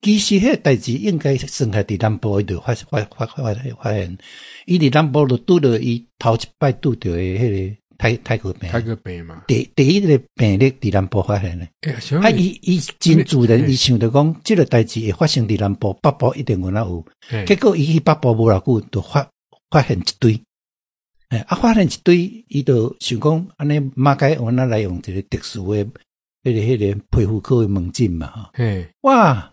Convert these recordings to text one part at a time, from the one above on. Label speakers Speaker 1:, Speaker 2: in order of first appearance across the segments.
Speaker 1: 其實那，迄代志應該生喺迪波裏頭發發發發發現，伊迪蘭波就拄到伊頭一擺拄到嘅迄個太太古病，太古病嘛。第第一個病例迪南波發現咧，啊！伊伊真主任伊想得講，這個代志發生迪南波，北波一定有那有。欸、結果伊去北波無牢久就發發現一堆、欸。啊，發現一堆，伊就想講，安尼馬該我那來用一個特殊嘅，迄個迄個皮膚科嘅門診嘛。哈、啊，欸、哇！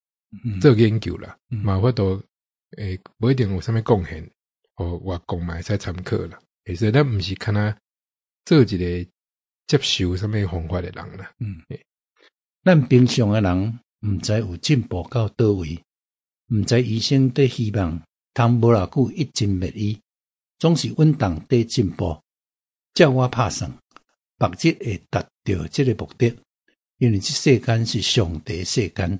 Speaker 2: 嗯、做研究啦，嘛有法度誒，冇、欸、一定有啥物貢獻，我我講嘛會使參考啦。其實，咱毋是敢若做一個
Speaker 1: 接受啥物方法誒人啦。嗯，欸、咱平常誒人毋知有進步到叨位，毋知醫生對希望，通無偌久，一直袂醫，總是穩當對進步，照我拍算，或者會達到即個目的，因為即世間是上帝世間。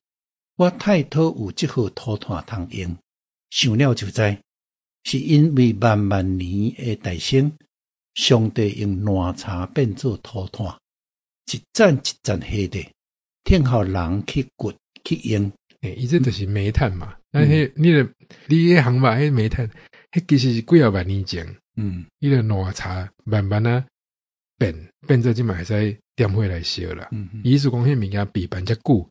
Speaker 1: 我太多有只好土炭通用，想了就知，是因為萬萬年嘅大聖，上帝用暖茶變做土炭，一盞一盞黑的，聽候人去掘去用。誒、欸，依只就是煤炭嘛。嗯、但係
Speaker 2: 你嘅，你呢行話迄煤炭，迄其實是幾若萬年前，嗯，呢個暖茶慢慢啊變變做，就會使點火來燒啦。嗯嗯，意思講，迄物件比版只久。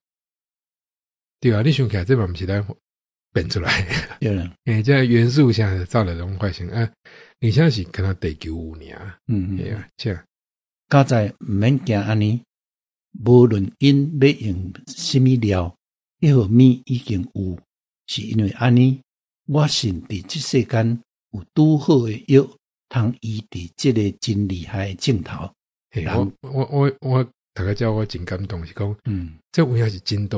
Speaker 2: 對啊，你想起來這嘛不是咱變出來的？哎、啊，因為這元素像造了兩發錢啊！你
Speaker 1: 像是可能得九五年嗯，對啊，這樣。家在唔免驚安尼，無論因要用什麼料，一個面已經有，是因為安尼，我信在即世間有拄好嘅藥，通醫治即個真厲害嘅鏡頭。對人我
Speaker 2: 我我我，大家知影我真感動是講，嗯，即位也是真大。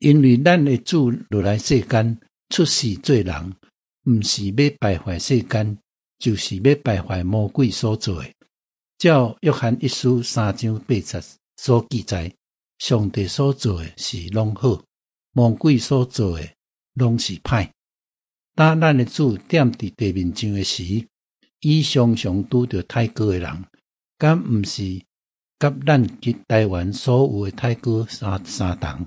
Speaker 1: 因為咱的主落來世間出世做人，毋是要敗壞世間，就是要敗壞魔鬼所做。照約翰一書三章八節所記載，上帝所做的是攏好，魔鬼所做嘅攏是歹。當咱的主點佇地面的上嘅時，伊常常拄着太哥嘅人，敢毋是甲咱及台灣所有嘅太哥相相同。